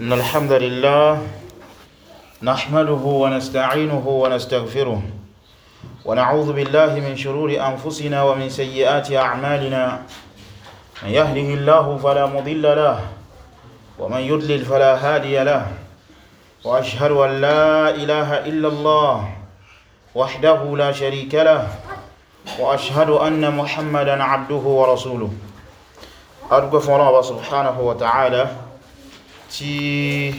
إن الحمد لله نحمده ونستعينه ونستغفره ونعوذ بالله من شرور أنفسنا ومن سيئات أعمالنا من يهله الله فلا مضل له ومن يدلل فلا هادي له وأشهد أن لا إله إلا الله وحده لا شريك له وأشهد أن محمدا عبده ورسوله أرجو فرابة سبحانه وتعالى tí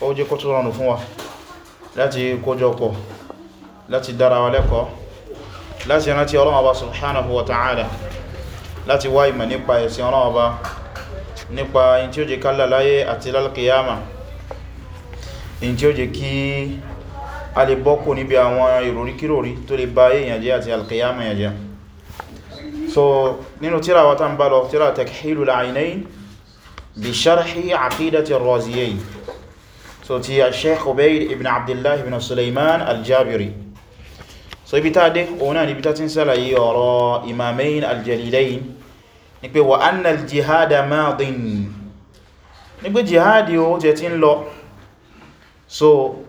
ó jẹ́ kó tó rọrùn fún wa láti kójọ pọ̀ láti dára wa lẹ́kọ̀ọ́ láti rántí Ọlọ́run Ọba subhanahu wa ta'ala láti wá ìmọ̀ nípa ẹ̀sìn Ọlọ́run Ọba nípa in tí ó jẹ́ kálà láyé àti lálkìyàmà in tí ó jẹ́ kí a lè bọ́kù níbi àwọn ìròríkìròrí tó lè bá èèyàn àti alkìyàmà yẹn so nínú tírà wa tá ń bá lọ tírà Takhilul Aynayn بشرح عقيدة الرازيين so ti a sheikh obaid ibn abdullah ibn suleiman aljabiri so ibi ta dé ọ̀nà níbi ta ti ń ṣàlàyé ọ̀rọ̀ imamain aljalilain ní pé wa anna aljihada madin ní pé jihadi ó jẹ́ ti ń lọ so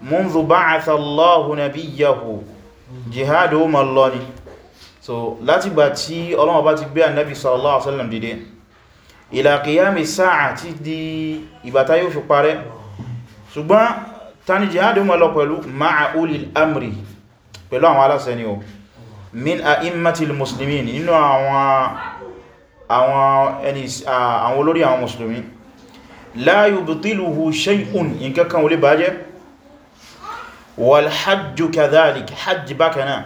munzu ba'atha allahu nabiyahu jihadi ó ma ni so láti gbà tí Ọlọ́hun bá ti gbé annabi sallallahu alaihi wasallam dìde ila qiyami sáà ti di ìbátá yóò fi parẹ́ ṣùgbọ́n tani jihad mọ́ lọ pẹ̀lú ma'a ulil amri pẹ̀lú àwọn aláṣẹ ni o min a'immatil muslimin nínú àwọn olórí àwọn musulmi la yubtiluhu shay'un nǹkankan wọlé bàjẹ́ wal hajju kadhalik hajj bákanáà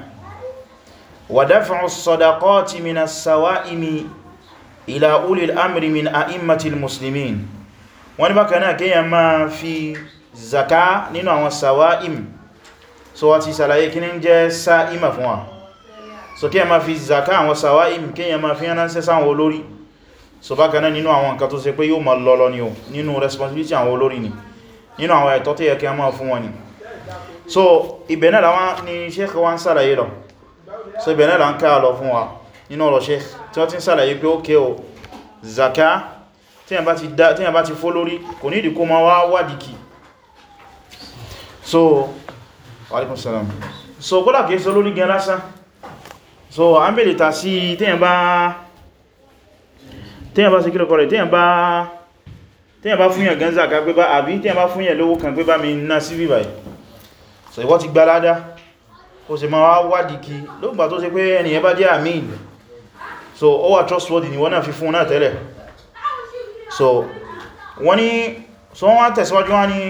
wa daf'u sadaqati minas sawa'imi ila ulil amri min a'immatil muslimin wọ́n ní bákan náà kíyàn máa fi zaka nínú àwọn sawa'im so wá ti sàlàyé kí ní jẹ́ sa'ima fún wa so kíyàn máa fi zaka àwọn sawa'im kíyàn máa fi ránṣẹ́ sáwọn olórí so bákan náà nínú àwọn nǹkan tó ṣe pé yóò máa lọ́lọ́ ni o nínú responsibility àwọn olórí ni nínú àwọn ẹ̀tọ́ tó yẹ kí a máa fún wọn ni so ibẹ̀ náà ni sheikh wa ń sàlàyé lọ so ibẹ̀ náà ń ká lọ fún wa nínú ọ̀rọ̀ sheikh tí wọ́n ti ń sàlàyé pé ókè o zaka tí a bá ti fó lórí kò ní ìdíkó ma wá wádìíkì so alaikum salam so kódà kìí sọ lórí gan lásán so a ń bèèrè ta sí tí a bá sí kílọ̀kọ́ rẹ̀ tí a bá tí yẹn bá fún yẹn gánzà ká gbébá àbí tí yẹn bá fún yẹn lówó kan gbébá mi ná sí bíbáyì so ìwọ ti gbalada o sì ma wá wádìí kí lóògbà tó ṣe pé ẹniyàn bá jẹ́ àmì ìlú so ó wà trustworthy ni wọ́n náà fi fún náà tẹ́lẹ̀ so wọ́n ni so wọ́n tẹ̀síwájú wọ́n ni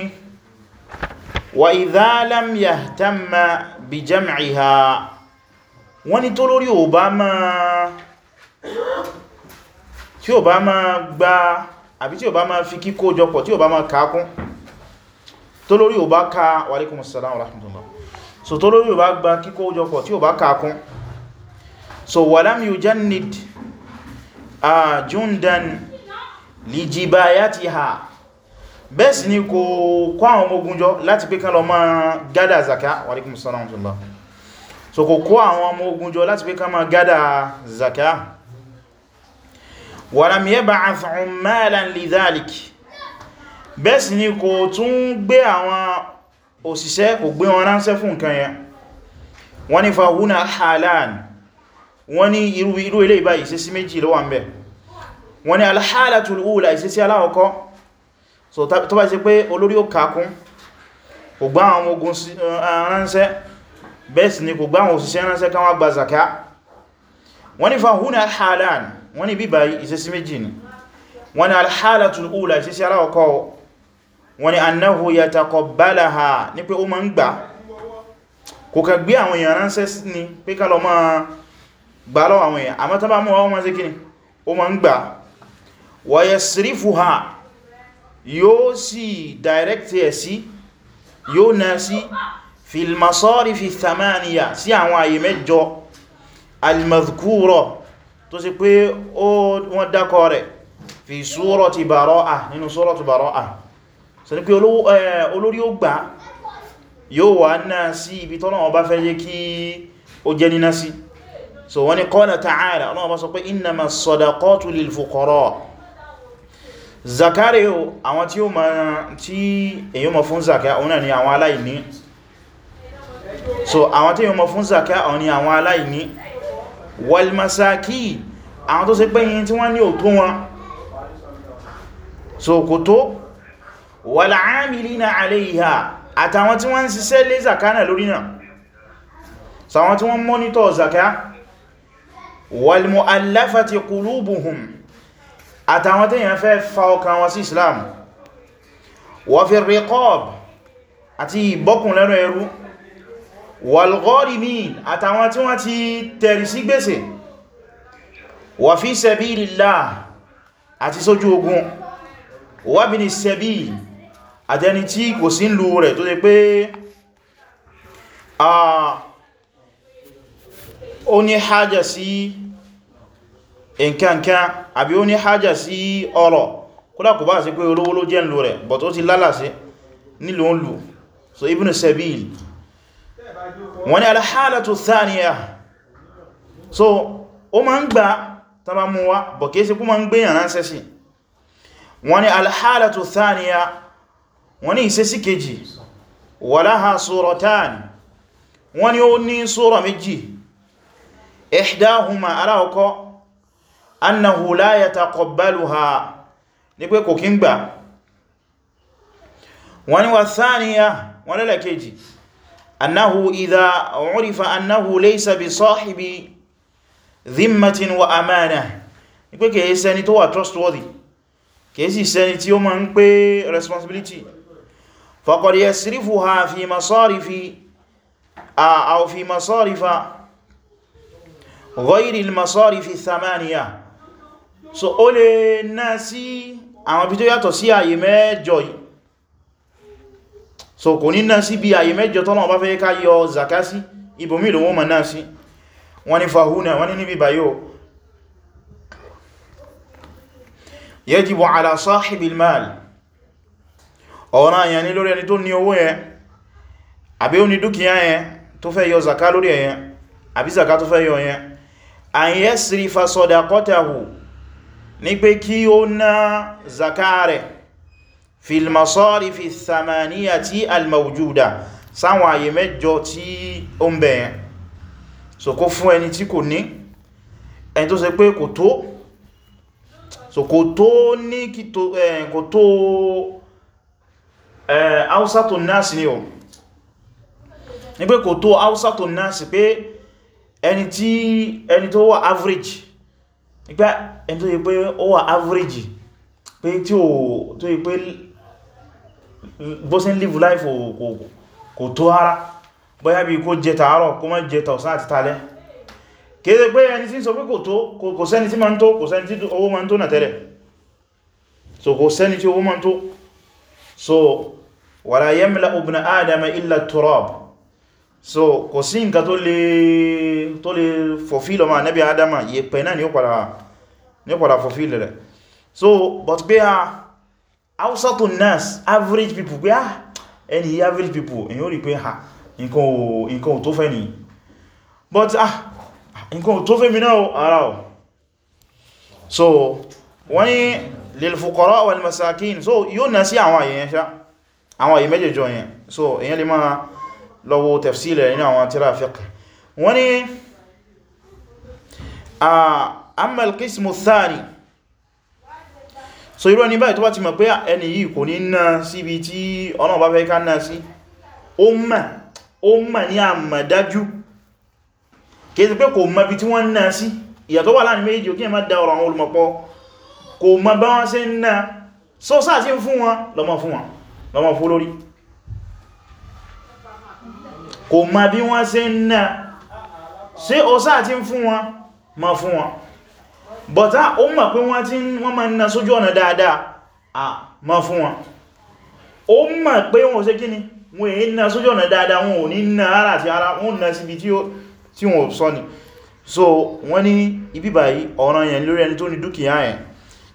wa idha lam yahtamma bi jam'iha wọ́n ni tó lórí ò bá ma tí ò bá ma gba àbí tí ò bá ma fi kíkó jọpọ̀ tí ò bá ma kàákún tó lórí ò bá ka wa alaikumus salam wa rahmatullah so tó lórí ò bá gba kíkó jọpọ̀ tí ò bá kàákún so walam yujannid a ah, jundan lijibayatiha bẹ́ẹ̀ sì ni kò kó àwọn ọmọ ogun jọ láti pé kán lọ máa gádà zaka wa alaikum salaam jùlọ so kò kó àwọn ọmọ láti pé kán máa gádà zaka walam yab'ath ummalan lidhalik bẹ́ẹ̀ sì ni kò tún gbé àwọn òṣìṣẹ́ kò gbé wọn ránṣẹ́ fún nǹkan yẹn wọ́n ni fa huna halan wọ́n ní irú irú ilé ìbáyìí sí sí méjì ló wà ń bẹ̀ wọ́n ní alhalatul ula ìsísí aláwọ̀kọ́ so tó bá ṣe pé olórí ó kàkún kò gbá àwọn ogun eh, ránṣẹ́ bẹ́ẹ̀ sì ni kò gbá àwọn òṣìṣẹ́ ránṣẹ́ káwọn gba zaka wọ́n ní fahuna alhalan wọ́n ní bíbá ìsísí méjì ni wọ́n ní alhalatul ula ìsísí aláwọ̀kọ́ wọ́n pé ó máa gbà lọ́wọ́ àwọn èèyàn àmọ́ tán bá mú ọmọ sí kíni ó ma ń gbà wa yasrifuha yóò sì direct ẹ̀ sí yóò náà sí fil masarifi thamaniya sí àwọn àyè mẹ́jọ almadhkura tó sì jẹ́ níná so wọ́n ni qala ta'ala ọlọ́wọ́ bá sọ pé innama sadaqatu lil fuqara zakari o àwọn tí ó ma tí èyí ma fún zaka ọ̀nà ni àwọn aláìní so àwọn tí èyí ma fún zaka ọ̀nà ni àwọn aláìní wal àwọn tó ṣe pé yìí tí wọ́n ní ò wọn so kò tó wal amilina alayha walmu'allafati qulubuhum àtàwọn tẹ́yàn fẹ́ fa ọkàn wọn sí islam wa fi riqab àti ìbọ́kùn lẹ́rọ ẹrú walgharimin àtàwọn tí wọ́n ti tẹ̀rì sí gbèsè wa fi sabilillah àti sójú ogun wa bini sabil àtẹni tí kò sí ń lú rẹ̀ tó ṣe pé a ah, ó ní hájà sí nǹkankan àbí ó ní hájà sí ọ̀rọ̀ kódà kò bá sí pé olówó ló jẹ́ ńlò rẹ̀ but ó ti lálàsí nílò ń lù so ibn sabil wọ́n ni alhálàtù thaniya so ó ma ń gbà tàbá mú wá bọ̀ kìí sí kú ma ń gbé yàrá sẹ́sì wọ́n ni alhálàtù thaniya wọ́n ni ìsẹ́sì kejì wọ́n ni ó ní sọ́rọ̀ méjì ihdahuma aláwọ̀kọ́ annahu la yataqabbaluha ní pé kò kí ń gbà wọ́n ni wà sáàníyà wọ́n lẹ́lẹ̀ kejì annahu idha urifa annahu laysa bi sahibi dhimmatin wa amana ní pé kèé sẹni tó wà trustworthy kèé sì sẹni tí ó ma ń pé responsibility faqad yasrifuha fi masarifi aw fi masarifa ghairi al-masarif ath-thamaniya so ó lè ná sí àwọn ibi tó yàtọ̀ sí àyè mẹ́jọ yìí so kò ní ná sí bí àyè mẹ́jọ tọ́lọ̀ bá fẹ́ ká yọ zaka sí ibòmí lòun mọ̀ náà sí wọ́n ni fahuna wọ́n ni níbi bayo yajibu ala sahibil mal ọ̀rọ̀ àyàn ní lórí ẹni tó an yasrifa sadaqatahu ní pé kí ó ná zakare fil masarifi thamaniyati almawjuda sáwọn àyè mẹ́jọ tí ó ń bẹ̀yẹn so kó fún ẹni tí kò ní ẹni tó ṣe pé kò tó so kò tó ní kí tó ẹ̀ kò tó ẹ̀ ausatun ni o ní pé kò tó ausatun nasi pé ẹni tí ẹni tó wà average nígbà ẹni tó yí pé ó wà average pé tí ó tó yí pé bó live life kò tó ara bóyá bí kó jẹ tààrọ̀ kó má jẹ tọ̀sán àti tààlẹ́ kéde pé ẹni tí sọ pé kò tó kò sẹ́ni tí ma ń tó kò sẹ́ni tí owó ma ń tó nà tẹ́lẹ̀ so kò sẹ́ni tí owó ma ń tó so wala yamla ibn adama illa turab so kò sí nǹkan tó lè tó lè fulfill ọmọ ànábì adama yẹ pẹ̀ náà ni ó padà ni ó padà fulfill rẹ̀ so but pé a hausa to nurse average people pé a ẹni average people èyí ó rí pé ha nǹkan ò tó fẹ́ ni but ah nǹkan ò tó fẹ́ mi náà ara ọ̀ so wọ́n ni lil fuqara wal masakin so yóò ná sí àwọn àyẹ̀yẹn ṣá àwọn àyẹ̀ méjèjọ yẹn so èyàn lè máa lọ́wọ́ tafsílẹ̀ nínú àwọn tíra fiqh wọ́n ni amma al-qismu thani so irú ẹni báyìí tó bá ti mọ̀ pé ẹni yìí kò ní ná síbi tí ọ̀nà bá fẹ́ ká ná sí ó mọ̀ ó mọ̀ ní àmàdájú kìí pé kò mọ̀ bí tí wọ́n ná sí ìyàtọ̀ wà láàrin méjì òkè má dá àwọn olùmọ̀pọ̀ kò mọ̀ bá wọ́n ṣe ná so sáà sí fún wọn lọ́mọ fún wọn lọ́mọ fún lórí kò mọ̀ bí wọ́n se ń ná ṣe ó sáà ti ń fún wọn ma fún wọn bọ̀tá ó mọ̀ pé wọ́n ti wọ́n ma ń ná sójú ọ̀nà dáadáa à ma fún wọn ó mọ̀ pé wọ́n ṣe kíni wọ́n èyí ná sójú ọ̀nà dáadáa wọn ò ní ná ara àti ara wọ́n ná síbi tí wọ́n sọ ni so wọ́n ní ibi báyìí ọ̀ràn yẹn lórí ẹni tó ní dúkìá yẹn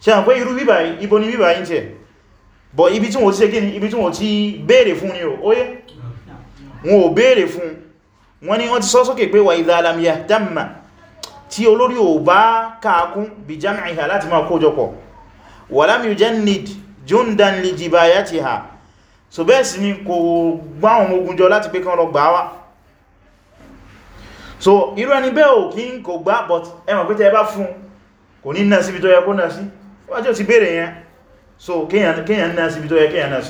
ṣe à ń pé irú bíbáyìí ibo ni bíbáyìí tẹ̀ bọ̀ ibi tí wọ́n ti ṣe kíni ibi tí wọ́n ti béèrè fún ni ó yé wọn ò béèrè fún wọn ni wọ́n ti sọ sókè pé wà idha lam yahtamma tí olórí ò bá káàkún bí jam'iha láti máa kójọpọ̀ wa lam yujannid jundan li jibayatiha so bẹ́ẹ̀ sí ni kò gbá ogun jọ láti pé kán lọ gbà so irú ẹni bẹ́ẹ̀ ò kí n kò gbá but ẹmọ̀ pé tẹ́ bá fún kò ní náà síbi so kéèyàn náà síbi tó yẹ kéèyàn náà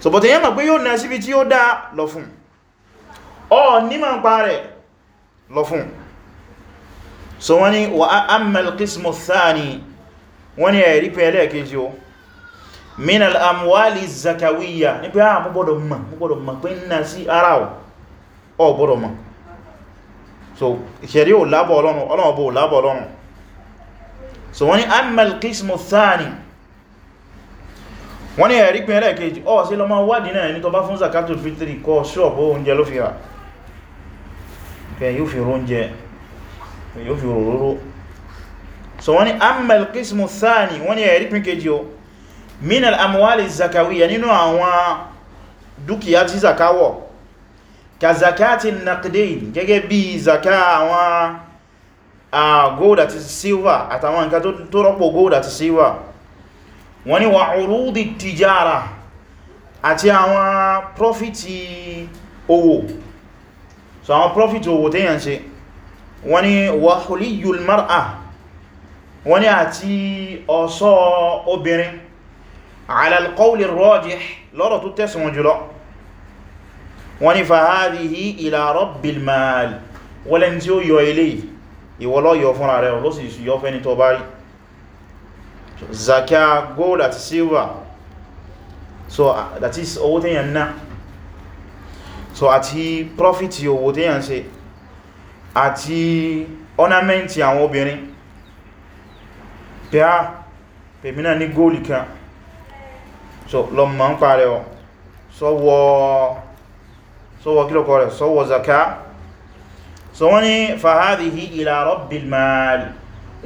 so but èyàn mọ̀ pé yóò náà síbi tí ó dá lọ fún ọ ní pa rẹ̀ lọ fún so wọ́n ni wà ámàl kìsmù thani wọ́n ni ẹ̀rí pé ẹlẹ́ẹ̀kejì o min al'amwali zakawiyya ní pé a ah, mọ́gbọ́dọ̀ mọ̀ mọ́gbọ́dọ̀ mọ̀ pé náà sí ara ọ gbọ́dọ̀ mọ̀ so ṣẹ̀rí ò lábọ̀ ọlọ́run ọlọ́run so wọ́n ni ámàl kìsmù thani wọ́n ní ẹ̀rí pín ẹlẹ́ẹ̀kejì ọ́ sí lọ máa wádìí náà ẹni tó bá fún zakatul fitri kọ́ ṣọ́ọ̀bù oúnjẹ ló fi rà yóò fi róúnjẹ yóò fi ròróró so wọ́n ní amal qismu thani wọ́n ní ẹ̀rí pín kejì o minal amwali zakawiya nínú àwọn dúkìá tí zakawọ̀ ka zakati naqdain gẹ́gẹ́ bí zaka àwọn ah, gold àti silver àtàwọn nǹkan tó rọ́pò gold àti silver wọ́n ni wà urúdì tìjára àti àwọn profiti owó so àwọn profiti owó tẹ́yàn ṣe wọ́n ni wà huliyul mar'a wọ́n ni àti ọ̀ṣọ́ obìnrin ala alqawli rajih lọ́rọ̀ tó tẹ̀sùn jùlọ wọ́n ni fahadihi ila rabbil mal wọ́lẹ́n tí ó yọ ilé ìwọ́lọ́yọ̀ fúnra rẹ̀ lọ́sì yọ fẹ́ni tó bá Zakia, gold àti silver so uh, that is owó tẹ́yàn ná so àti profit owó tẹ́yàn ṣe àti ornament àwọn obìnrin pé á ah, pèmínà ní góòlì kan so lọ mọ̀ ń parẹ́ ọ so sọ́wọ́ kílọ̀kọ́ rẹ̀ sọ́wọ́ zakia. so wọ́n ni fahadihi ila rabbil mal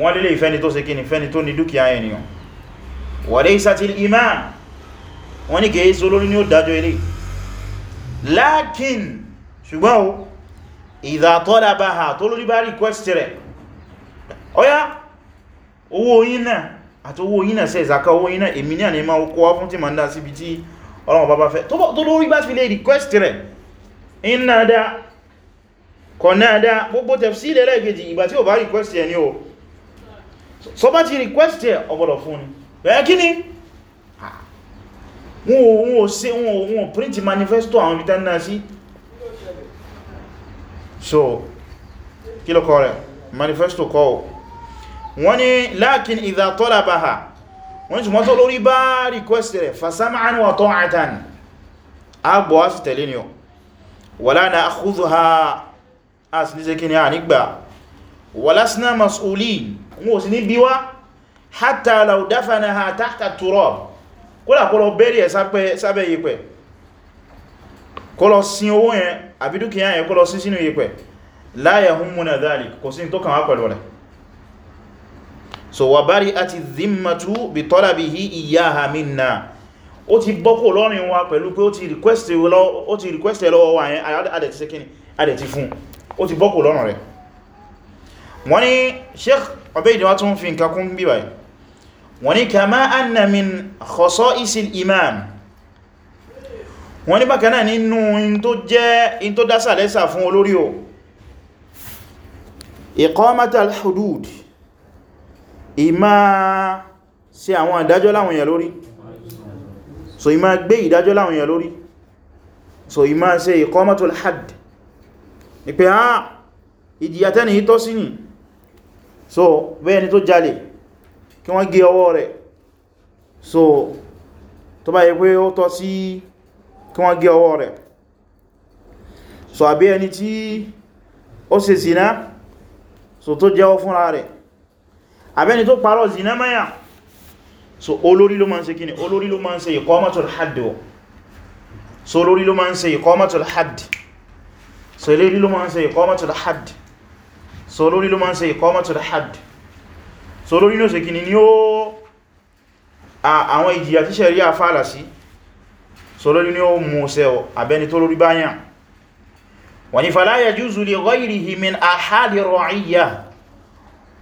wọ́n lè ìfẹ́ni tó ṣe kíni fẹ́ni tó ní dúkìá ènìyàn wàlé ìsàtìl imam wọ́n ní kèé sí olórin ní ó dájọ́ ilé lákín ṣùgbọ́n o ìdàtọ́lá bá ha tó lórí bá request rẹ̀ ọya owó oyin náà àti owó oyin náà sẹ ìzàká owó oyin náà èmì ní àníma okó wá fún tí ma ń dá síbi tí ọlọ́wọ́ bá bá fẹ́ tó lórí bá fi lè request rẹ̀ iná dá gbogbo tẹ̀fsí lẹ́lẹ́gẹ̀ẹ́jì ìgbà tí ò bá request rẹ̀ ni o so bá ti request ẹ̀ ọgbọ̀dọ̀ fún ni bẹ̀rẹ̀ kí ni wọn ò ṣe wọn ò print manifesto àwọn ibi tán náà sí so kí ló kọ́ rẹ̀ manifesto kọ́ wọ́n ni lakin idha talabaha wọ́n tí wọ́n tó lórí bá request rẹ̀ fasam'an wa ta'atan agbọ́ a sì tẹ̀lé wala na'khudhuha a sì ní ṣe kí ni a nígbà walasna mas'ulin wọn ò sì ní bí wá hatta law dafanaha tahta turab kódà kó lọ bẹ́rẹ̀ ẹ̀ sábẹ́ yẹ̀pẹ̀ kó lọ sin owó yẹn àbí dúkìá yẹn kó lọ sin sínú yẹ̀pẹ̀ la yahummuna dhalik kò sí tó kàn wá pẹ̀lú rẹ̀ so wa bari'ati dhimmatu bi talabihi iyyaha minna ó ti bọ́kò lọ́rin wa pẹ̀lú pé ó ti request lọ́wọ́ wa yẹn adẹ̀ ti fún ó ti bọ́kò lọ́rin rẹ̀ wọ́n ni sheikh Ubayd wá tún fi nǹkan kún bí báyìí wọ́n ní kama anna min khasaisil imam wọ́n ní bákan náà nínú in tó jẹ́ in tó dásà lẹ́sà fún olórí o iqamatal hudud ìmá ṣe àwọn ìdájọ́ láwọn èèyàn lórí so ìmá gbé ìdájọ́ láwọn èèyàn lórí so ìmá ṣe iqamatul hadd ìpé ha ah, ìjìyàtẹ́ni ìtọ́sí ni so bẹ́ẹ̀ tó jalè kí wọ́n gé ọwọ́ rẹ̀ so tó bá yẹ pé ó tọ́ sí kí wọ́n gé ọwọ́ rẹ̀ so àbí ẹni tí ó ṣe zina so tó jẹ́wọ́ fúnra rẹ̀ àbẹ́ni tó parọ́ zina mẹ́yà so olórí ló máa ń ṣe kíni olórí ló máa ń ṣe iqamatul so olórí ló máa ń ṣe iqamatul hadd so olórí ló ṣe kìíní ni ó àwọn ìjìyà tí ṣẹ̀ríà fààlà sí so olórí ni ó mú ṣe ọ abẹni tó lórí báyàn wọ́n ni fala yajuzu li ghayrihi min ahadi ra'iyya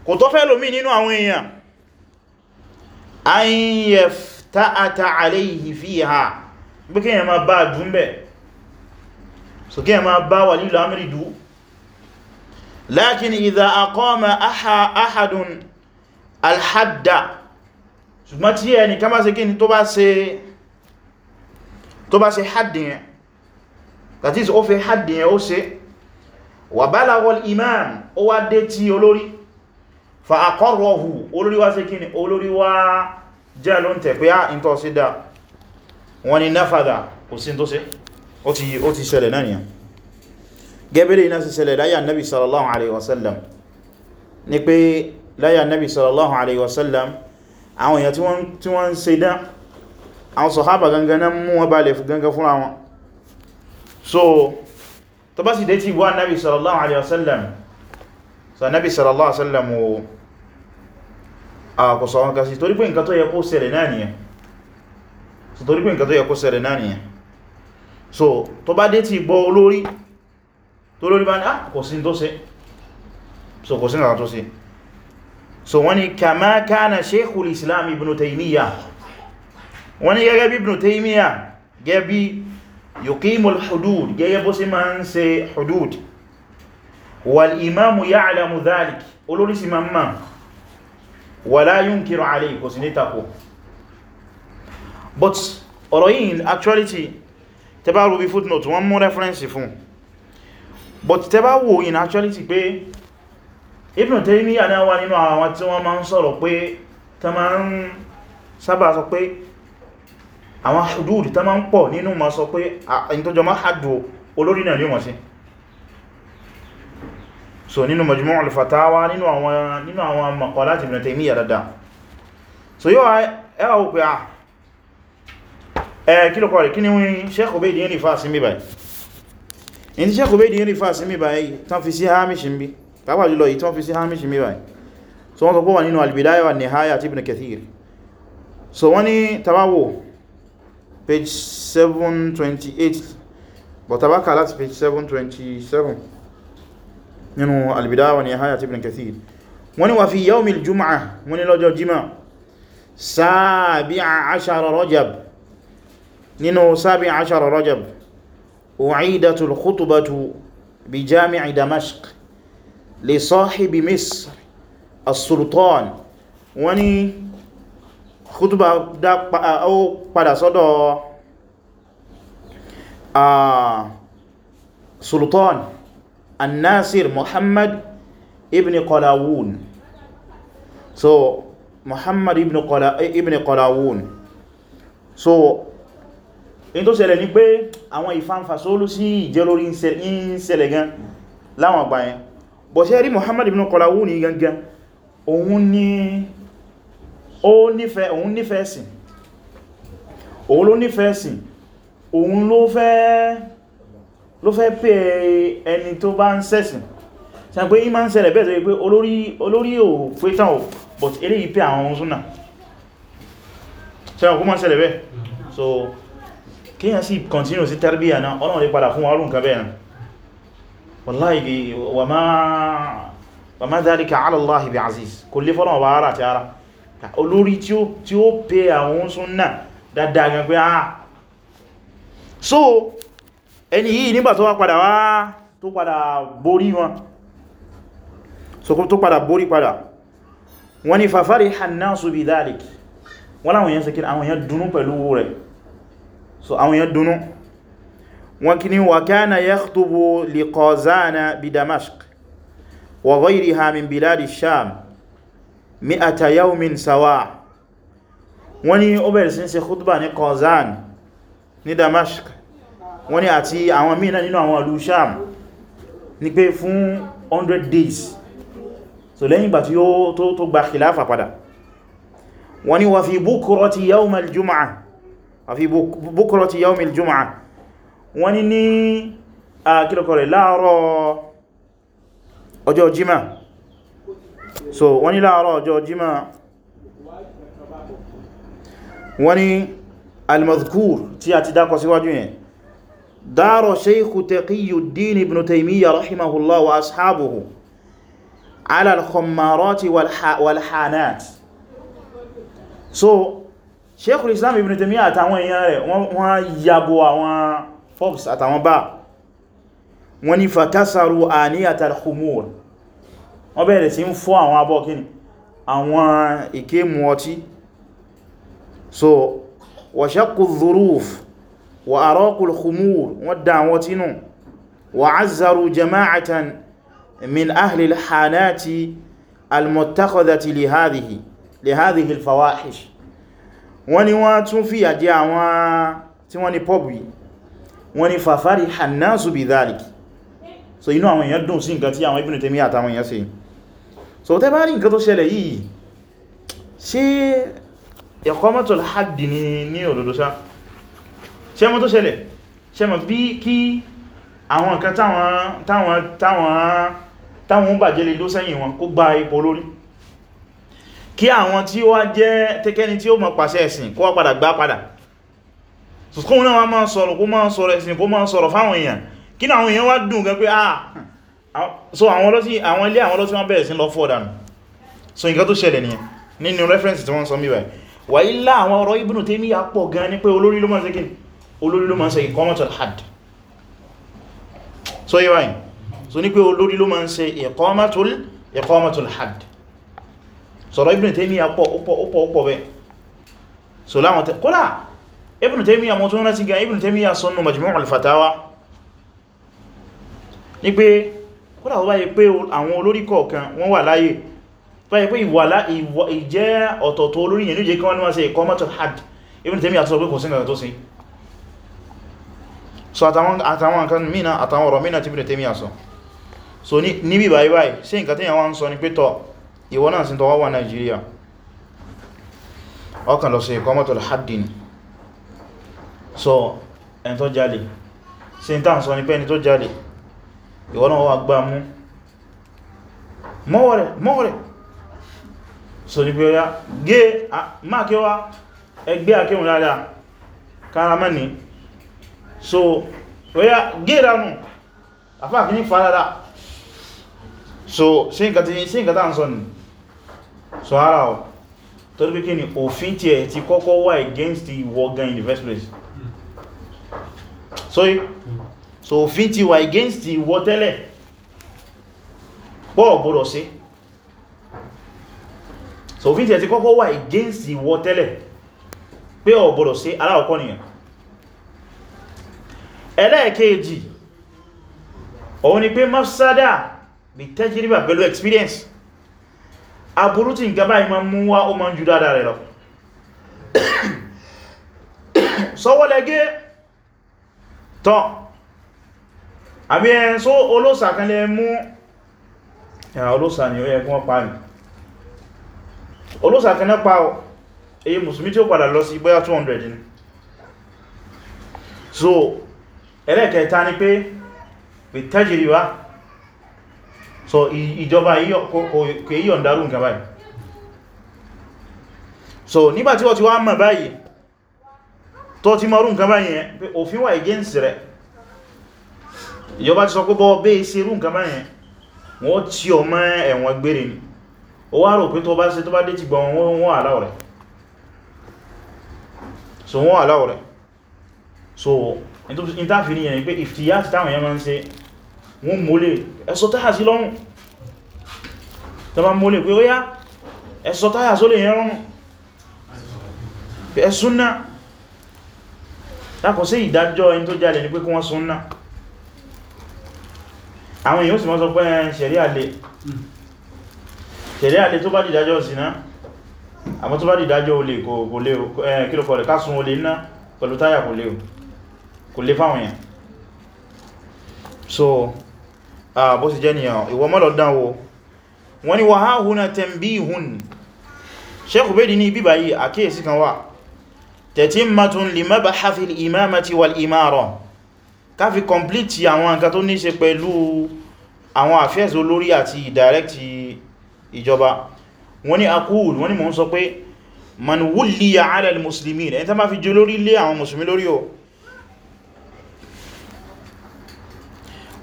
kò tó fẹ́ lómi nínú àwọn لكن إذا أقام أحد الحد ṣùgbọ́n tí ẹni ká bá ṣe kí ni tó bá ṣe haddìyàn that is ó fi haddìyàn ó ṣe wà balaghal imam ó wá dé tí olórí fa aqarrahu olórí wá ṣe kí ni olórí wá jẹ́ ló ń tẹ̀ pé ah, á ìntọ́ sí dá gẹ́bẹ̀rẹ̀ iná sí ṣẹlẹ̀ láyà nabi sallallahu alaihi wasallam ni pé láyà nabi sallallahu alaihi wasallam àwọn èèyàn tí wọ́n ń ṣe dá àwọn sọ̀hábà gangan náà mú wọn balẹ̀ gangan fúnra wọn so tó bá sì dé tí wọ́n nabi sallallahu alaihi wasallam so nabi sallallahu alaihi wasallam o àkọsọ wọn kasi torí pé nǹkan tó yẹ kó ṣẹlẹ̀ náà nìyẹn so torí pé nǹkan tó yẹ kó ṣẹlẹ̀ náà nìyẹn so tó bá dé tí gbọ́ olórí tó lórí bá ní kò sí tó ṣe so kò sí náà tó ṣe so wani kama kana sheikhul islam ibn taymiya wani gẹ́gẹ́ bí ibn taymiya gẹ́gẹ́ bí yuqimul hudud gẹ́gẹ́ bó sí ma ń ṣe hudud wal imamu ya'lamu dhalik olórí sí ma ma wala yunkiru alayhi kò sí ní tako but ọ̀rọ̀ yìí in actuality tẹbá rubi footnote wọ́n mú reference fún but tẹ bá wò in actuality pé Ibn Taymiyyah náà wà nínú àwọn tí wọ́n máa ń sọ̀rọ̀ pé ta ma ń sábà sọ pé àwọn hudud ta ma ń pọ̀ nínú ma sọ pé àyíntọ́jọ ma hàdù olórí náà yíò wọ́n sí so nínú Majmu' al-Fatawa nínú àwọn nínú àwọn maqalat Ibn Taymiyyah dáadáa so yóò ẹwà ó pé à ẹ̀ kí lọ́kọ̀ rẹ̀ kí ni wọ́n Sheikh Ubayd ní fásí in ṣe kò bẹ́ di rífà sí mi báyìí tán fi sí hamishin bí tàbà jùlọ yìí tán fi sí hamishin bí báyìí so wọ́n tó pọ̀ wà nínú albidaya wa nihaya ti ibn kathir so wọ́n ni tabawo page 728 but tabaka láti page 727 nínú albidaya wa nihaya ti ibn kathir wọ́n ni wà fi yawmil juma'a wọ́n ni lọ́jọ́ jima sáàbí àṣàrọ̀ rọ́jab nínú أعيدت الخطبة بجامع دمشق لصاحب مصر السلطان وني خطبة أو padà sọ́dọ̀ سلطان الناصر محمد ابن قلاوون so Muhammad ibn Qala ibn Qalawun so in tó ṣẹlẹ̀ ni pé àwọn ìfàǹfàsólú sí ìjẹ́ lórí ìṣẹ̀lẹ̀ gan láwọn àgbà yẹn bọ̀ ṣe rí Muhammad ibn Qalawuni gangan òun ni ó nífẹ̀ẹ́ òun nífẹ̀ẹ́ sìn òun ló nífẹ̀ẹ́ sìn òun ló fẹ́ ló fẹ́ pé ẹni tó bá ń sẹ́sìn ṣe pé ìmá ń ṣẹlẹ̀ bẹ́ẹ̀ tó pé olórí olórí ò pé tán ò but eléyìí pé àwọn ohun súnà ṣe ọkùnmọ́ ṣẹlẹ̀ bẹ́ẹ̀ so kíyàn sí continue sí tarbiyya náà ọlọ́run lè padà fún wa rùn kàbẹ̀ náà wallahi wa ma dhalika ala Allahi bi aziz kò lè fọ́nà wà ara ti ara olórí tí ó pé àwọn súnnà dáadáa gan pé ah so ẹni yìí nígbà tó wá padà wá tó padà borí wọn so kó tó padà borí padà wọ́n ni fa fariha an-nasu bi dhalik wọ́n láwọn èèyàn sẹ́kìrì àwọn èèyàn dúnú pẹ̀lú rẹ̀ so àwọn èèyàn dúnú wọn kí ni wa kana yakhtubu li Qazana bi Damashq wa ghayriha min biladi Sham mi'ata yawmin sawa wọ́n ní ó bẹ̀rẹ̀ sí ṣe khutba ní Qazan ní Damashq wọ́n ní àti àwọn mìíràn nínú àwọn Sham ní pé fún 100 days so lẹ́yìn ìgbà tí ó tó gba khilafa padà wọ́n wa fi bukurati yawmal jumu'ah àfi bukọrọ ti yawmi al-jumu'ah wọ́n ni ní àkílọ̀kọ̀ rẹ̀ láàárọ̀ ọjọ́ jímà so wọ́n ni láàárọ̀ ọjọ́ jímà wọ́n ni al-madhkur tí a ti dákọ̀ síwájú yẹn dárọ̀ shaykhu Taqiyuddin ibn Taymiyyah rahimahullah wa ashabuhu ala al-khammarati wal-hanat so Sheikhul Islam Ibn Taymiyyah àtàwọn èèyàn rẹ̀ wọ́n yàbò àwọn forbes àtàwọn bá wọ́n ni fàkásàrò àníyàtà al-khumur wọ́n bẹ̀rẹ̀ sí ń fọ́ àwọn abọ́ kíni àwọn ìké mú ọtí so wa shaqqa dhuruf wa araqa al wọ́n dá àwọn tínú wa azzaru jama'atan min ahli hanati al-muttakhadhati li hadhihi li hadhihi al-fawahish wọ́n ní wọ́n tún fìyà jẹ àwọn tí wọ́n ní pọ́bù yìí wọ́n ní fàfàrí hannásu bí dáàlìkì so inú àwọn èèyàn dùn sí nǹkan tí àwọn Ibn Taymiyyah àtàwọn èèyàn ṣe so tẹ́ bá rí nǹkan tó ṣẹlẹ̀ yìí ṣe iqamatul hadd ní ní òdòdó sá ṣe tó ṣẹlẹ̀ kí àwọn tí ó wá jẹ́ tẹ́kẹ́ni tí ó mọ̀ pàṣẹ ẹ̀sìn kó wá padà gbá padà sùkún náà máa sọ̀rọ̀ kó máa sọ̀rọ̀ ẹ̀sìn kó máa sọ̀rọ̀ fáwọn èèyàn kí ní àwọn èèyàn wá dùn gan pé ah, ah so àwọn ọlọ́sí àwọn ilé àwọn ọlọ́sí wọ́n bẹ̀rẹ̀ sí lọ fọ́ dànù so nǹkan tó ṣẹlẹ̀ nìyẹn nínú reference tí wọ́n sọ mí báyìí wà ilá àwọn ọ̀rọ̀ Ibnu Taymiyyah pọ̀ gan ní pé olórí ló máa ṣe kí olórí ló máa ṣe iqamatul hadd so yíwáyìn so ní pé olórí ló máa ṣe iqamatul iqamatul hadd sọ̀rọ̀ Ibn Taymiyyah pọ̀ pọ̀ pọ̀ pọ̀ bẹ́ so láwọn tẹ́ kọ́lá Ibn Taymiyyah mọ́ tó rántí gan Ibn Taymiyyah sọ́nà Majmu' al-Fatawa ní pé kọ́lá wọ́n báyé pé àwọn olórí kọ̀ọ̀kan wọ́n wà láyé báyé pé ìwàlá ìjẹ́ ọ̀tọ̀tọ̀ olórí yẹn ló jẹ́ kí wọ́n ní wọ́n ṣe iqamatul hadd Ibn Taymiyyah tó sọ pé kò sí nǹkan tó sí so àtàwọn nǹkan mìíràn àtàwọn ọ̀rọ̀ mìíràn tí Ibn Taymiyyah sọ so níbi ìwọ náà sí tọwọ́ wà Nigeria ọkàn lọ sí ìkọmọ̀tọ̀lù haddini so ẹni tó jalè sí ní tàà sọ ní pé ẹni tó jalè ìwọ náà wà gbá mú mọ́wọ̀rẹ̀ mọ́wọ̀rẹ̀ so ní pé ó yá gé máa kí ó wá ẹgbẹ́ akéhùn dáadáa karamani so ó yá gé ìranù e àfáà kì farada so sí ìkàtà ń sọ nìí so ara ọ̀ tó rí kí ni òfin tí ẹ̀ ti kọ́kọ́ wà against the war gun in the first place so so òfin ti wà against the war tẹ́lẹ̀ pọ́ ọ̀gbọ́dọ̀ so òfin tí ẹ̀ ti kọ́kọ́ wà against the war tẹ́lẹ̀ pé ọ̀gbọ́dọ̀ sí ara ọ̀kọ́ nìyàn ẹlẹ́ẹ̀kejì òun ni pé mafsada bí tẹ́jìríbà pẹ̀lú experience aburú tí nǹkan báyìí ma mú wá ó ma ń ju dáadáa rẹ̀ lọ sọwọ́lẹ́gẹ́ tọ́ àbí ẹ̀ só olóòsà kan lẹ mú ẹ̀rà olóòsà ni ó yẹ kí wọ́n pa ní olóòsà kan lẹ́pa èyí mùsùlùmí tí ó padà lọ sí bóyá 200 ni so ẹlẹ́kẹta ni pé pẹ̀tẹ́jìrí wá so ìjọba kò èyí ọ̀ndarú nǹkan báyìí so nígbàtí wọ́n ti wá mọ̀ báyìí tó ti mọ̀rún nǹkan báyìí yẹn pé òfin wà against rẹ̀ ìjọba ti sọ pé bọ́ bẹ́ ṣe rú nǹkan báyìí wọ́n tí ọ mọ́ ẹ̀wọ̀n gbére ni ó wá rò pé tó bá ṣe tó bá dé ti gbọ́n wọ́n aláwọ̀ rẹ̀ so wọ́n aláwọ̀ rẹ̀ so in táfi ní yẹn pé ìfìyà wọ́n mọ́lẹ̀ ẹsọ táyà sí lọ́rùn tọba mọ́lẹ̀ pé ó yá ẹsọ táyà só lè yẹn rọrùn ẹ súnná lákọ̀ sí ìdájọ́ ẹni tó jalè ní pé kí wọ́n súnná àwọn èèyàn sì mọ́ sọ pé ṣẹ̀rí àlè ṣẹ̀rí àlè tó bá dìdájọ́ sí náà àmọ́ tó bá dìdájọ́ olè kò lè kílòkọ̀ rẹ̀ kásùn olè náà pẹ̀lú táyà kò lè fáwọn èèyàn so Ah, bó sì jẹ́ nìyàn ìwọ má lọ dánwò wọ́n ni wàhá húnna tanbihun Sheikh Ubaydi ní ibi báyìí àkíyèsí kan wà tatimmatun li mabahathi al-imamati wal-imara ká fi complete àwọn nǹkan tó ní ṣe pẹ̀lú àwọn affairs olórí àti direct ìjọba wọ́n ni akúl wọ́n ni mò ń sọ pé man wulliya ala ẹni tá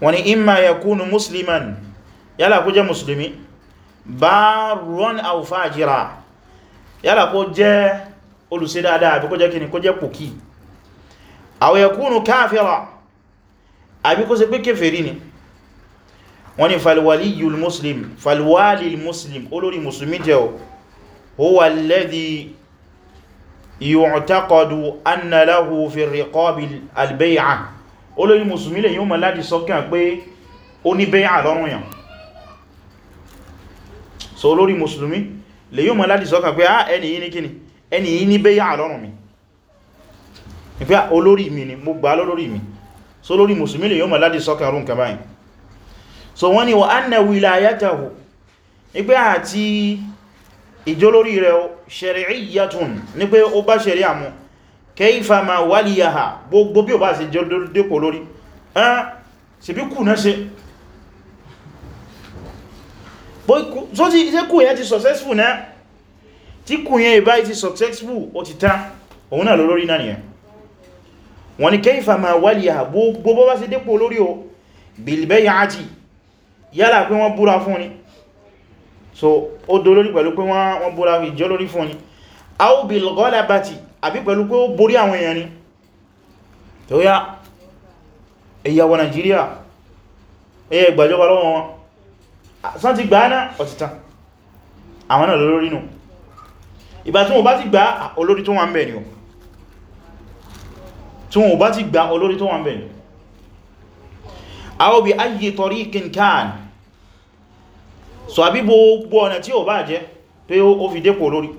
wọ́n ni imma yakunu musliman yálà kó jẹ́ musulmi barran aw fajira yálà kó jẹ́ olùṣe dáadáa àbí kó jẹ́ kíni kó jẹ́ pòkí aw yakunu káfíra àbí kó ṣe pé kéfèrí ni wọ́n ni falwaliyul muslim falwalil muslim olórí musulmi jẹ́ o huwa alladhi yu'taqadu anna lahu fi riqabil albay'a olórí musulmi lè yíò mọ̀ láti sọ́kàn pé ó ní bẹ́yà lọ́rùn yàn so olórí musulmi lè yíò mọ̀ láti sọ́kàn pé á ah, ẹni yí ní kíni ẹni yí ní bẹ́yà lọ́rùn mi ní pé ah, olórí mi ni mo gbà lórí mi so olórí musulmi lè yíò mọ̀ láti sọ́kàn rún kan so wọ́n ni wa anna wilayatahu ní pé àti ìjólórí rẹ̀ shari'iyyatun ní pé ó bá shari'a mu kẹfà ma wàlíyàhà gbogbo bí o bá ṣe jẹ́ dépò lórí ẹ́n ṣe bí kù náà se so ti kù yẹn ti successful náà tí kù yẹn ìbá ti successful o ti tán òun náà lórí náà nìyẹn wọ́n ni kẹfà ma wàlíyàhà gbogbo bá ṣe dépò lórí o bilibẹ́yà àti yálà pé wọ́n búra fún ni so ó dolórí pẹ̀lú pé wọ́n búra ìjọ lórí fún ni au àbí pẹ̀lú pé ó borí àwọn èèyàn ni tó yá ẹ̀yàwó Nàìjíríà ẹ̀yà ìgbàjọba lọ́wọ́ wọn sán ti gbà náà ọ̀tìtàn àwọn náà lórí nù ìbá tí wọ́n bá ti gbà olórí tó wọ́n bẹ̀ ni o tí wọ́n bá ti gbà olórí tó wọ́n bẹ̀ bí ayé tọrí kínkán so àbí gbogbo ọ̀nà tí ò bá jẹ́ pé ó fi dépò olórí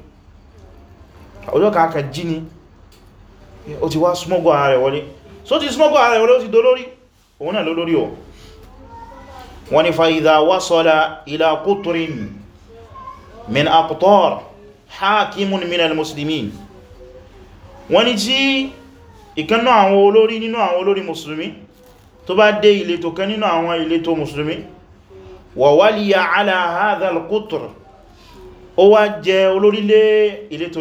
ọjọ́ kàákà jí ni ó ti wá smọ́gọ́ ara rẹ̀ wọlé so ti smọ́gọ́ ara rẹ̀ wọlé ó ti dolórí òun náà lólórí ọ̀ wọ́n ni fa'idha wasala ila quturin min aqtar hakimun min al-muslimin wọ́n ni tí ìkanná àwọn olórí nínú àwọn olórí musulmi tó bá dé ìletò kan nínú àwọn ìletò musulmi wa waliya ala hadha al-qutr ó wá jẹ olórílé ìletò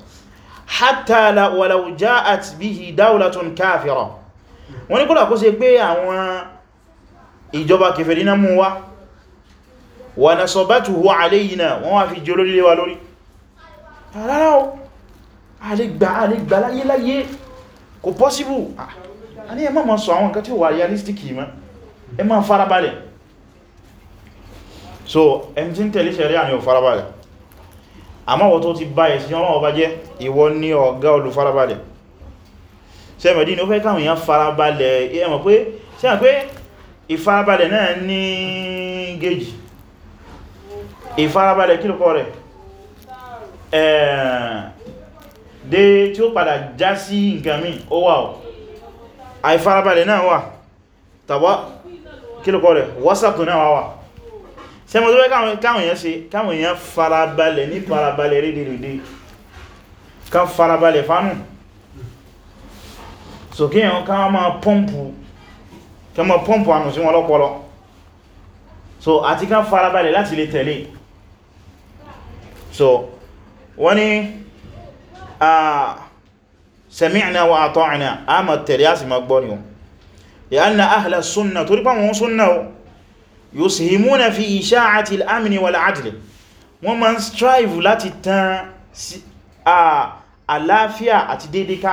hatta la walau ja'at bihi dawlatun kafira wọ́n ní kódà kó ṣe pé àwọn ìjọba kèfèrí náà mú wá wa nasabatuhu alayna wọ́n wá fi jẹ́ olórílẹ̀ wa lórí rárá o àrígbà àrígbà láyé láyé kò pọ́síbù a ní ẹ má ma sọ àwọn nǹkan tí wà realistic mọ́ ẹ má farabalẹ̀ so ẹni tí ń tẹ̀lé ṣẹ̀rí àyàn farabalẹ̀ àmọ́wọ̀ tó ti báyẹ̀ sí ọlọ́wọ́ bá jẹ́ ìwọ ní ọ̀gá olùfarabalẹ̀ sẹ́mẹ̀dí ni ó fẹ́ káwọn èèyàn farabalẹ̀ ẹmọ̀ pé sẹ́mọ̀ pé ìfarabalẹ̀ náà ní gẹ́jì ìfarabalẹ̀ kí lókọ rẹ̀ dé tí ó padà já sí nǹkan mí ó wà ọ̀ àìfarabalẹ̀ náà wà tàbá kí lókọ rẹ̀ wọ́sàtò náà wà ṣe mọ̀ tó fẹ́ káwọn èèyàn ṣe káwọn èèyàn farabalẹ̀ ní farabalẹ̀ rédèrèdè ká farabalẹ̀ fánù so kí èèyàn ká máa pọ́mpù ká máa pọ́mpù ànù sí wọn lọ́pọlọ so àti ká farabalẹ̀ láti lè tẹ̀lé so wọ́n ni a sami'na wa ata'na a mọ̀ tẹ̀lé a sì mọ̀ gbọ́ yusihimuna fi isha'ati al-amni wal-'adli wọ́n ma ń strive láti tan àlàáfíà àti dédéká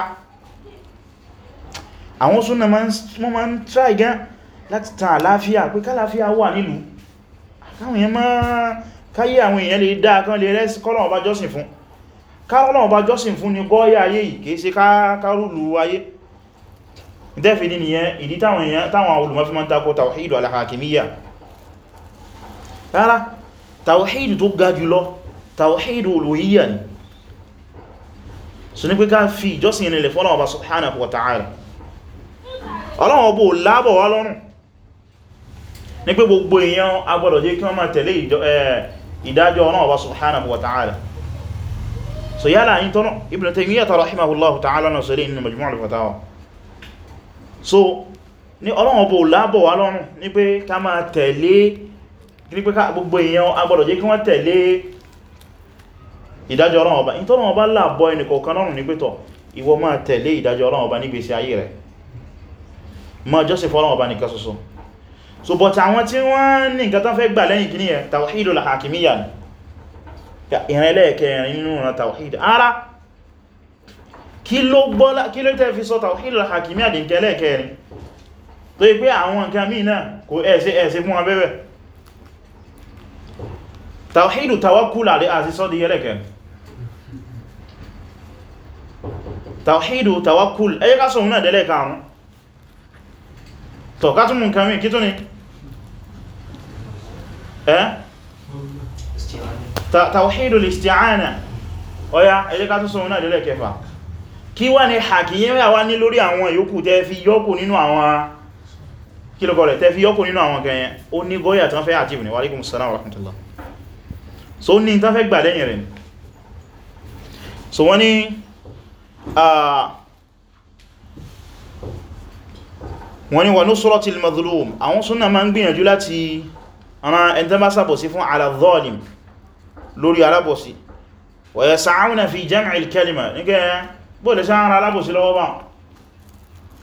àwọn súnnà wọ́n ma ń try gan láti tan àlàáfíà pé kálàáfíà wà nílùú káwọn èèyàn máa káyé àwọn èèyàn lè dáa kan lè rẹ́sì kọ́lọ̀ ọba jọ́sìn fún kọ́lọ̀ ọba jọ́sìn fún ni gọ́ọ̀yà ayé yìí kìí ṣe kárùlù ayé ìdẹ́fì nìyẹn ìdí táwọn olùmọ́fí máa ń takò tawhidu al rárá tàwàhídù tó ga jùlọ tàwàhídù olóhíyà ni so ní pé ká fi ìjọsìn ilẹ̀ fún Ọlọ́run subhanahu wa ta'ala Ọlọ́run bó lábọ̀ wá lọ́rùn ní pé gbogbo èèyàn agbọ́dọ̀ jẹ́ kí wọ́n máa tẹ̀lé ìdájọ́ Ọlọ́run subhanahu wa ta'ala so yálà yí so ní Ọlọ́run bó lábọ̀ wá lọ́rùn ní ní pé gbogbo èèyàn agbọ́dọ̀ jẹ́ kí wọ́n tẹ̀lé ìdájọ́ ọ̀rọ̀ ọba ìtọ́nà ọba láàbọ̀ ẹnìkọ̀ọ̀kan lọ́rùn ní pẹ́tọ̀ ìwọ máa tẹ̀lé ìdájọ́ ọ̀rọ̀ ọba nígbésí ayé rẹ̀ máa jọ́sìn fọ́lọ́ ọba nìkan ṣoṣo so but àwọn tí wọ́n ní nǹkan ni ìran ẹlẹ́ẹ̀kẹrin nínú ìran ara kí ló gbọ́lá kí ló tẹ́ fi sọ tawhidul hakimiyya ní nǹkan ẹlẹ́ẹ̀kẹrin tó tàwàhídù tàwàkúlà lè àti sọ́ di ẹlẹ́kẹ́ tàwàhídù tàwàkúl ẹyẹ ká sọ múnà dẹ́lẹ́ karùn tọ̀ kátùmù nǹkan mí kí tó ní ẹ́ tàwàhídù l'isti'ana ọya ẹyẹ ká sọ múnà dẹ́lẹ́ kẹfà kí wá ní hàkíyẹ́ wá ní lórí àwọn yòókù tẹ́ fi yọ́kù nínú àwọn kílọ̀kọ̀ rẹ̀ tẹ́ fi yọ́kù nínú àwọn kẹyẹn ó ní gọ́yà tán fẹ́ àjíbìnì wà alaikum salaam wa rahmatullah so ní tán fẹ́ gbà lẹ́yìn rẹ̀ so wọ́n ní wọ́n ní wa nusratil mazlum àwọn súnnà ma ń gbìyànjú láti ọ̀nà ẹntẹ́básàbòsí fún ala zalim lórí alábòsí wa yas'auna fi jam'il kalima nígbẹ́ bóòlẹ̀ sáàrà alábòsí lọ́wọ́ bá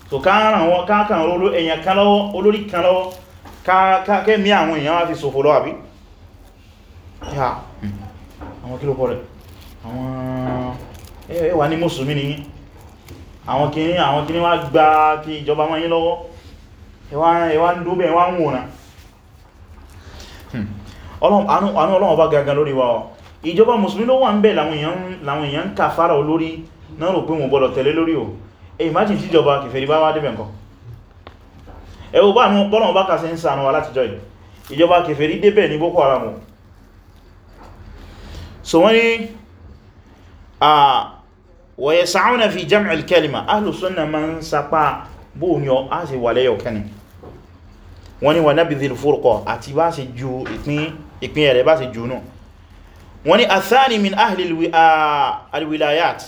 so káàràn wọn káàkàn olórí kan lọ́wọ́ yà àwọn kí ló kọ rẹ̀ àwọn ẹwà ní mùsùlùmí ni yí àwọn kìíní àwọn kìíní wá gba kí ìjọba mọ́ yí lọ́wọ́ ẹwà ń dóbẹ̀ ẹwà ń wòrán àánú Ọlọ́run bá gangan lórí wa ìjọba mùsùlùmí ló wà ń bẹ̀ láwọn èèyàn ń kà fara olórí náà rò pé wọn gbọ́dọ̀ o imagine tí ìjọba kèfèrí bá wá débẹ̀ nǹkan ẹwọ bá àwọn Ọlọ́run bá kà sí ń sànú wa látijọ́ ìjọba kèfèrí débẹ̀ so wọ́n ni a wa yas'una fi jam'il kalima ahlus sunna ma ń sapá bóò ní ọ a sì wà lẹ́yọ̀ kẹni wọ́n ni wa nabdhil furqa àti bá sì ju ìpín ẹ̀rẹ̀ bá sì ju náà wọ́n ni athani min ahli alwilayat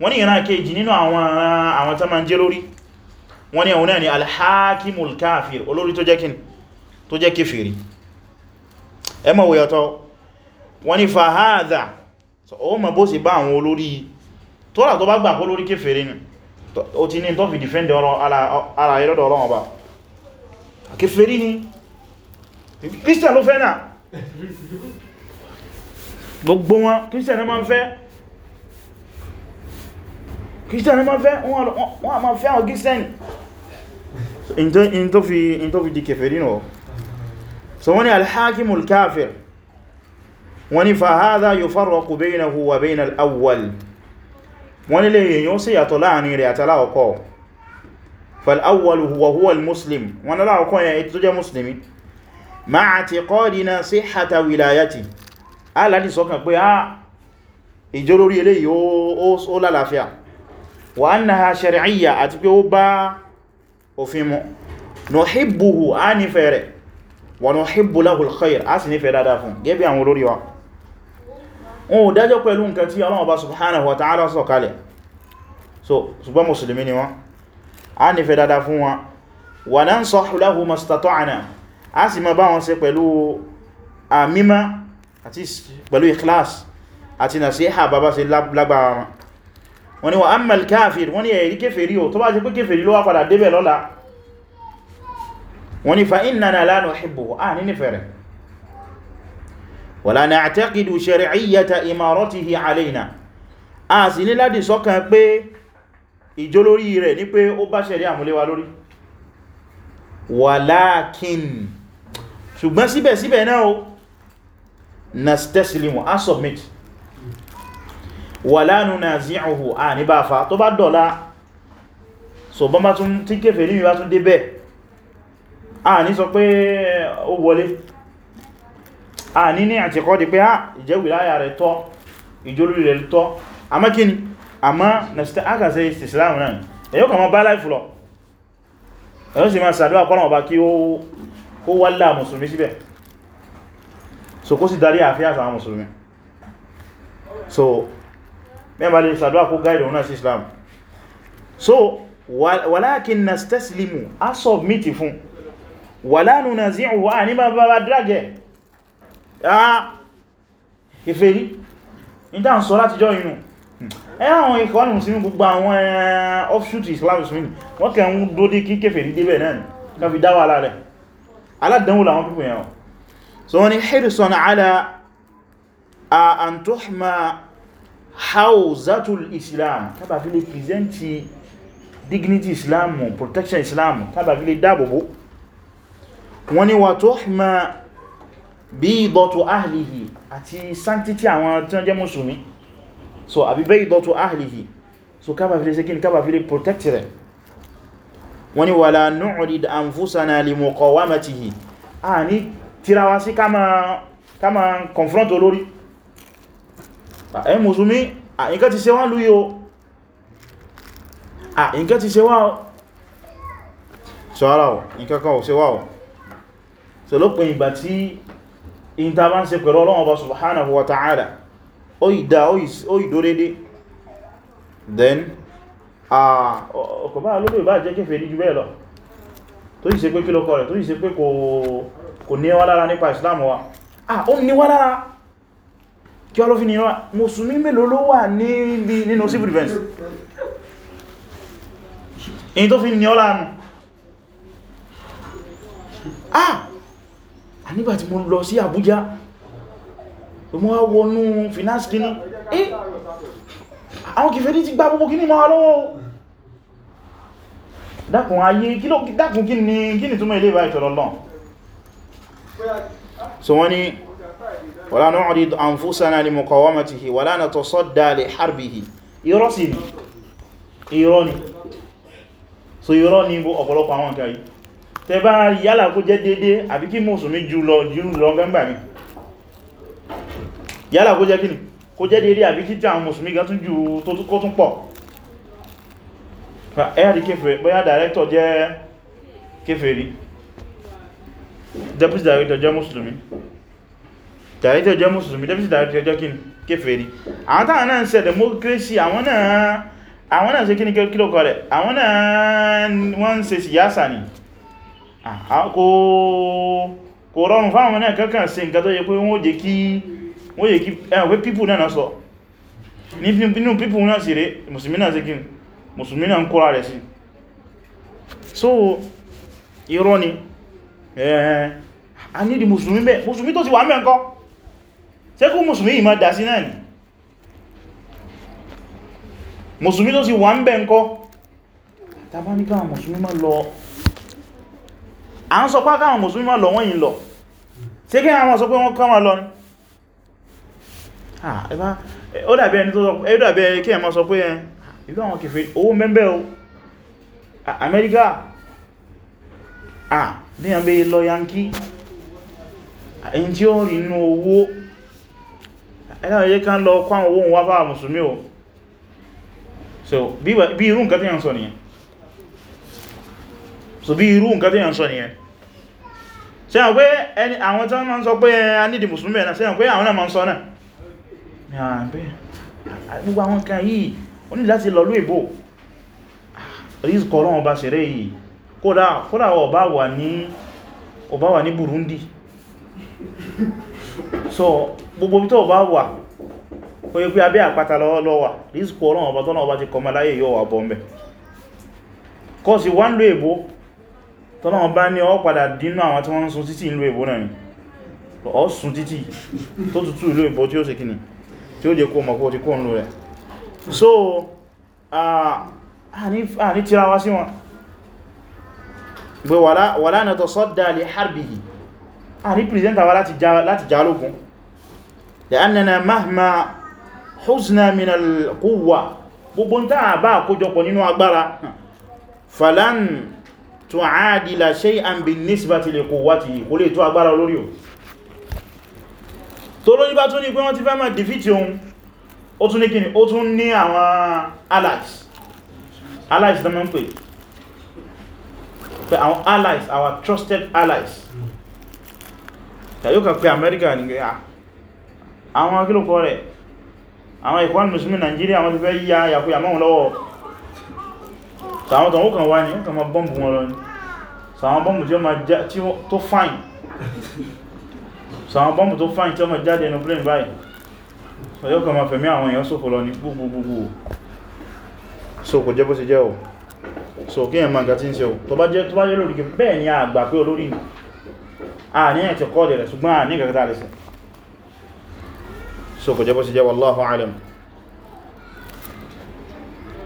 wọ́n ni ìran kejì nínú àwọn tó máa ń jẹ́ lórí wọ́n alhakimul kafir olórí tó jẹ́ kèfèrí ẹ mọ̀ wòyàtọ̀ wọ́n ni fahadha o ma bó sì bá àwọn olórí tó rà tó bá gbà kó lórí kéfèrè ni o ti ní tó fi dìfẹ́ndì ara ìrọ́dọ̀ ọlọ́wọ́ bá kéfèrè ni christian ló fẹ́ náà gbogbo wọn christian ní ma ń fẹ́ christian ní ma ń fẹ́ wọ́n a ma fẹ́ àwọn christian in tó fi di kéfèrè náà so wọ́n ni alhakimul kafir wọ́n ní fàhádá yufarraqu baynahu wa bayna al-awwal wọ́n nílé èyàn sí yàtọ̀ láàrin rẹ̀ àtàlá ọkọ̀ fal-awwal huwa huwa al-muslim wọ́n nílá ọkọ̀ yẹn ètò jẹ́ muslimi ma'a i'tiqadina sihhata wilayati aláti sọ́kàn pé a ah, ìjọ lórí eléyìí ó lálàáfíà wa annaha shar'iyya àti pé ó bá òfin mu nuhibbuhu a nífẹ̀ẹ́ rẹ̀ wa nuhibbu lahu al a sì nífẹ̀ẹ́ dáadáa fún gẹ́bí àwọn olórí wọn ò dájọ́ pẹ̀lú nǹkan tí Ọlọ́run Ọba subhanahu wa ta'ala sọ kalẹ̀ so ṣùgbọ́n mùsùlùmí ni wọ́n a nífẹ́ dada fún wọn wa nansahu lahu mastata'na a sì ma bá wọn ṣe pẹ̀lú àmímá àti pẹ̀lú ikhlas àti nasiha bàbá ṣe lágbàra wọn wọ́n ní wa ammal kafir wọ́n a ní nífẹ̀ẹ́ rẹ̀ wala na'taqidu shar'iyyata imaratihi alayna a sì ní láti sọ́kàn pé ìjólórí rẹ̀ ní pé ó bá ṣẹ̀rí àmúléwà lórí walakin ṣùgbọ́n síbẹ̀síbẹ̀ náà o nastaslimu a submit wala nunazi'uhu a ní bá fa tó bá dọ̀lá so bọ́n bá tún tí kéfèé ní mi bá tún débẹ̀ a ní sọ pé ó wọlé a ní ní àtìkọ́ di pé á ah, ìjẹ́ wìláyà rẹ̀ tọ́ ìjólórí rẹ̀ tọ́ àmá kí ni àmá nàìjíríà agàṣẹ́ ìsìsìláàmù náà èyí kọ̀ mọ́ bá láìfù lọ èyí sì máa sàdúwà kọ́nà ọba kí ó wá lá mùsùlùmí síbẹ̀ so kó sì darí àfíà sàwọn mùsùlùmí so mẹ́bà lè sàdúwà kó gáìdì òun náà sí islam so wàlákin nastaslimu a submit fún wàlánù nazi'u wà ní bá bá drag Ah, kèfèrí ìdá ń sọ láti jọ inú ẹ̀yà àwọn ikọ̀ ní musulmi gbogbo àwọn eh, offshoot islam musulmi wọ́n kẹ ń dó dé kí kèfèrí débẹ̀ náà ni ká fi dáwà alá rẹ̀ aládánwò làwọn pípò yẹn so wọ́n ni hirson ala a an tuhma hauzatul islam tàbà fi lè pìzẹ́ntì dignity islam protection islam tàbà fi lè dáàbòbò wọ́n ni wà bídọ́tù ahlihi àti sanctity àwọn tí wọ́n jẹ́ mùsùlùmí so àbí bídọ́tù ahlihi so kábà fi lè ṣe kí ní kábà fi lè protect rẹ̀ wọ́n ni wala nu'rid anfusana li muqawamatihi a ní tirawa sí kama confront olórí ẹ mùsùlùmí à nǹkan ti ṣe wá lúyí o à nǹkan ti ṣe wá o so ara o nǹkan kan ò ṣe wá o so ìgbà tí in ta bá ń ṣe pẹ̀lú Ọlọ́run Ọba subhanahu wa ta'ala ó ìdá ó ìdórédé then ọkọ̀ bá lórí ìbá jẹ́ kéfèé níjú bẹ́ẹ̀ lọ tó yìí ṣe pé kí lọ́kọ̀ rẹ̀ tó yìí ṣe pé kò níwá lára nípa Islam wa ah ó níwá lára kí ọlọ́fí ni wá mùsùlùmí mélòó ló wà níbi nínú civil defense in tó fi ní ọlá ah Ah, nígbà tí mo lọ sí Àbújá mo wá wọnú finance kìíní eh àwọn kìfèrí ti gbá gbogbo kìíní ma lọ́wọ́ dákùn ayé dákùn kìíní túnmọ̀ ilé ìbá ìtọ̀lọ́ so wọ́n ni wala nu'rid anfusana li muqawamatihi wala natasadda li harbihi irọ́ ni irọ́ ni so irọ́ ni bó ọ̀pọ̀lọpọ̀ àwọn kìí tẹ bá yálà kó jẹ́ dédé àbí kí mùsùlùmí jù lọ jù lọ gbẹ́mgbà mi yálà kó jẹ́ kí ni kó jẹ́ dédé àbí kí tí àwọn mùsùlùmí gan tún jù tó tún pọ̀ ẹ́yàrí kéfèé bóyá director jẹ́ kéfèé rí deputy director jẹ́ mùsùlùmí director jẹ́ mùsùlùmí deputy director jẹ́ ni kéfèé rí àwọn táwọn náà ń ṣe democracy àwọn náà àwọn náà ṣe kíni kílòkọ rẹ̀ àwọn náà wọ́n ń ṣe siyasa ni Ah, kò rọrùn fáwọn náà kankan ṣe nǹkan tó yẹ pé wọ́n jẹ́ kí wọ́n yẹ kí ẹ̀wọ̀n pé pípù náà sọ nínú pípù náà sí rẹ̀ mùsùlùmí náà sí kí mùsùlùmí náà ń kóra rẹ̀ sí so irọ́ ni a nídi mùsùlùmí bẹ́ mùsùlùmí tó ti wà mẹ́ǹkọ́ ṣé kú mùsùlùmí yìí máa dá sí náà ni mùsùlùmí tó ti wà mẹ́ǹkọ́ a ń sọ pá káwọn mùsùlùmí ma lọ wọ́n yìí lọ ṣe kí àwọn sọ pé wọ́n kọ́ ma lọ ní ó dàbí ẹni tó sọ pé kí ẹ ma sọ pé ẹn ìlú àwọn kèfèrí owó mẹ́bẹ̀ o Amẹ́ríkà so bí irú nǹkan tí yàn so bí ṣe àwọn pé ẹni àwọn tí wọ́n máa ń sọ pé a nídi mùsùlùmí ẹ̀nà ṣe àwọn pé àwọn náà máa ń sọ náà gbogbo àwọn kan yìí o ní láti lọ lóìbò rízkọ̀ ah, ọlọ́run ọba ṣeré yìí kódà ọba wà ní Burundi so gbogbo bí tó ọba wà ó yẹ pé abẹ́ àpáta lọ́wà rízkọ̀ ọlọ́run ọba tọ́nà ọba ti kọmọ láyé yóò wà bọ́ mẹ́ kọ́ sí wọ́n lóìbò tọ́lọ́wọ́n bá ní ọ padà dínú àwọn tí wọ́n ń sun títí ìlú èbó náà ni ọ sun títí tó tutù ìlú èbó tí ó ṣe kìnnì tí ó jẹ kó mọ̀ ti kó ń lò rẹ̀ so a ní tirawa sí wọn pé wàlá na tasadda li harbihi a ní pìrìsẹ́ntà wa láti já lókun li'annana tu'adila shay'an bin-nisbati li quwwatihi kò lè tó agbára olórí o tó lórí bá tún ní pé wọ́n ti fẹ́ máa dìfìtì ohun ó tún ní kíni ó tún ní àwọn allies allies tó mọ́ ń pè pé àwọn allies our trusted allies tàyókà pé America ní gbé àwọn akílùkọ rẹ̀ àwọn Ikhwan so àwọn tọ̀wọ́ kan wá ní wọ́n kàn ma bọ́m̀bù wọn lọ ní so àwọn bọ́m̀bù tí ó ma já tí tó fáìn so àwọn bọ́m̀bù tó fáìn tí ó ma jáde ẹnu plane báyìí so yóò kàn ma fẹ̀mí àwọn èèyàn ṣòfò lọ ní gbogbogbò so kò jẹ́ bó ṣe jẹ́ o so kí ẹ̀mà gàtí ń ṣe o tó bá jẹ́ tó lórí a gbà pé olórí ni a ní ẹ̀ ti kọ́ dẹ̀ rẹ̀ ṣùgbọ́n a ní gàgàtà rẹ̀ sí so kò jẹ́ bó ṣe